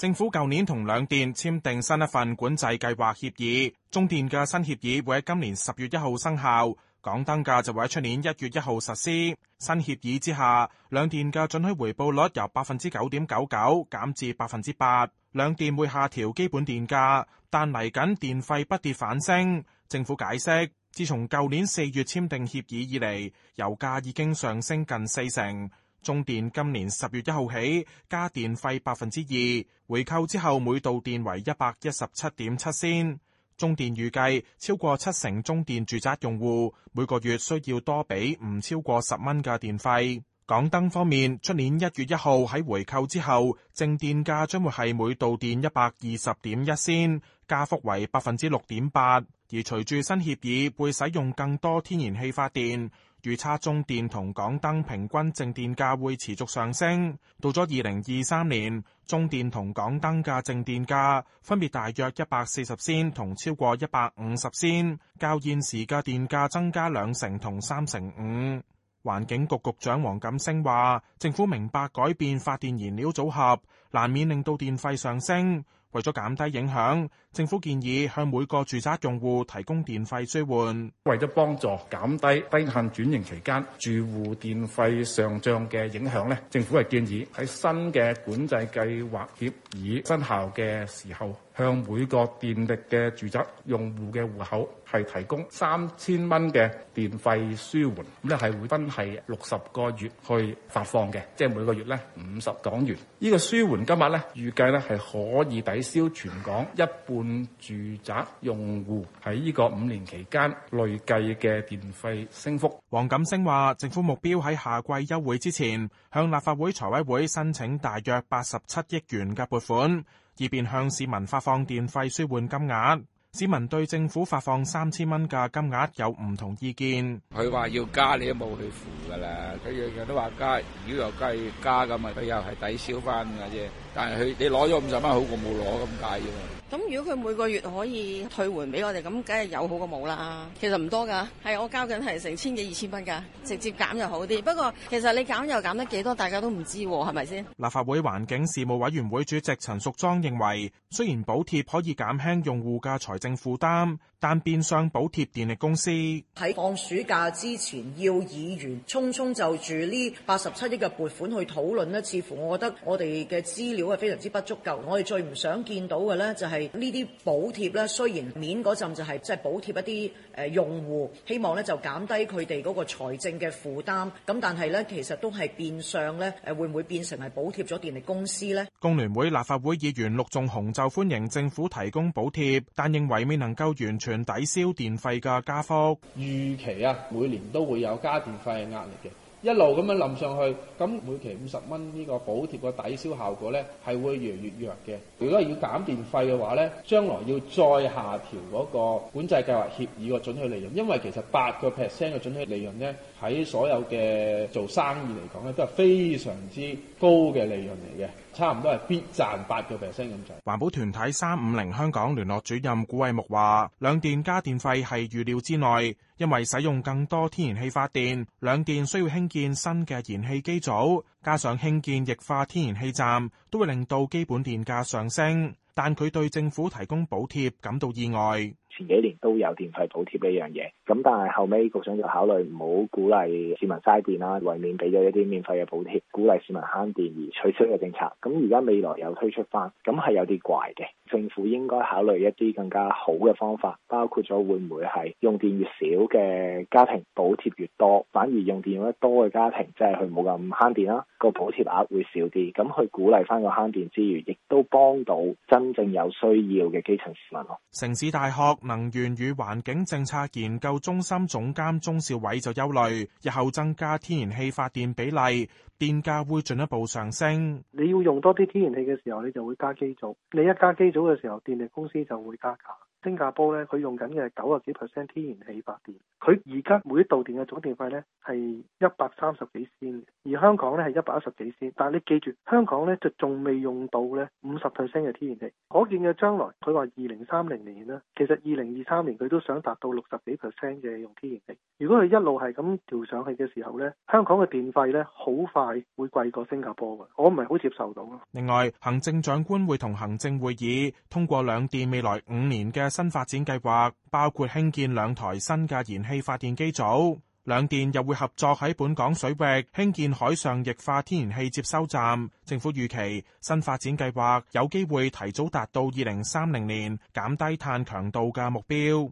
政府舊年同兩電簽訂新一份管制計劃協議，中電嘅新協議會喺今年十月一號生效，港燈嘅就會喺出年一月一號實施。新協議之下，兩電嘅准許回報率由百分之九點九九減至百分之八，兩電會下調基本電價，但嚟緊電費不跌反升。政府解釋，自從舊年四月簽訂協議以嚟，油價已經上升近四成。中電今年十月一號起加電費百分之二，回扣之後每度電為一百一十七點七仙。中電預計超過七成中電住宅用戶每個月需要多俾唔超過十蚊嘅電費。港燈方面，出年一月一號喺回扣之後，淨電價將會係每度電一百二十點一仙，加幅為百分之六點八。而隨住新協議，會使用更多天然氣發電。預測中電同港燈平均淨電價會持續上升，到咗二零二三年，中電同港燈嘅淨電價分別大約一百四十仙同超過一百五十仙，較現時嘅電價增加兩成同三成五。環境局局長黃錦星話，政府明白改變發電燃料組合難免令到電費上升，為咗減低影響，政府建議向每個住宅用戶提供電費紓緩，為咗幫助減低低限轉型期間住戶電費上漲嘅影響咧，政府係建議喺新嘅管制計劃協議生效嘅時候，向每個電力嘅住宅用戶嘅戶口係提供三千蚊嘅電費紓緩，咁咧係會分係六十個月去發放嘅，即係每個月咧五十港元，呢、這個紓緩。今日咧預計咧係可以抵消全港一半住宅用戶喺呢個五年期間累計嘅電費升幅。黃錦星話：政府目標喺夏季休會之前，向立法會財委會申請大約八十七億元嘅撥款，以便向市民發放電費舒緩金額。市民對政府發放三千蚊嘅金額有唔同意見。佢話要加你都冇去付㗎啦，佢樣樣都話加，如果有加要加㗎嘛，佢又係抵消翻㗎啫。但係佢你攞咗五十蚊好過冇攞咁解啫。咁如果佢每個月可以退還俾我哋，咁梗係有好過冇啦。其實唔多㗎，係我交緊係成千幾二千蚊㗎，直接減又好啲。不過其實你減又減得幾多，大家都唔知喎，係咪先？立法會環境事務委員會主席陳淑莊認為，雖然補貼可以減輕用戶嘅財政負擔。但變相補貼電力公司喺放暑假之前，要議員匆匆就住呢八十七億嘅撥款去討論呢？似乎我覺得我哋嘅資料係非常之不足夠。我哋最唔想見到嘅呢就係呢啲補貼咧。雖然面嗰陣就係即係補貼一啲誒用戶，希望咧就減低佢哋嗰個財政嘅負擔。咁但係咧，其實都係變相咧誒，會唔會變成係補貼咗電力公司呢？工聯會立法會議員陸仲雄就歡迎政府提供補貼，但認為未能夠完全。抵消電費嘅加幅，預期啊，每年都會有加電費嘅壓力嘅。一路咁樣冧上去，咁每期五十蚊呢個補貼個抵消效果呢係會越嚟越弱嘅。如果要減電費嘅話呢，將來要再下調嗰個管制計劃協議個準許利潤，因為其實八個 percent 嘅準許利潤呢，喺所有嘅做生意嚟講呢，都係非常之高嘅利潤嚟嘅，差唔多係必賺八個 percent 咁滯。環保團體三五零香港聯絡主任古偉木話：兩電加電費係預料之內。因為使用更多天然氣發電，兩電需要興建新嘅燃氣機組，加上興建液化天然氣站，都會令到基本電價上升。但佢對政府提供補貼感到意外。前幾年都有電費補貼呢樣嘢，咁但係後尾局長就考慮唔好鼓勵市民嘥電啦，為免俾咗一啲免費嘅補貼，鼓勵市民慳電而取消嘅政策。咁而家未來又推出翻，咁係有啲怪嘅。政府應該考慮一啲更加好嘅方法，包括咗會唔會係用電越少嘅家庭補貼越多，反而用電用得多嘅家庭即係佢冇咁慳電啦，個補貼額會少啲，咁去鼓勵翻個慳電之餘，亦都幫到真正有需要嘅基層市民咯。城市大學。能源與環境政策研究中心總監鍾兆偉就憂慮，日後增加天然氣發電比例，電價會進一步上升。你要用多啲天然氣嘅時候，你就會加機組。你一加機組嘅時候，電力公司就會加價。新加坡咧，佢用緊嘅係九十幾 percent 天然氣發電，佢而家每度電嘅總電費咧係一百三十幾仙。而香港咧係一百一十幾仙。但係你記住，香港咧就仲未用到咧五十 percent 嘅天然氣。可見嘅將來，佢話二零三零年啦，其實二零二三年佢都想達到六十幾 percent 嘅用天然氣。如果佢一路係咁調上去嘅時候咧，香港嘅電費咧好快會貴過新加坡㗎，我唔係好接受到咯。另外，行政長官會同行政會議通過兩電未來五年嘅。新發展計劃包括興建兩台新嘅燃氣發電機組，兩電又會合作喺本港水域興建海上液化天然氣接收站。政府預期新發展計劃有機會提早達到二零三零年減低碳強度嘅目標。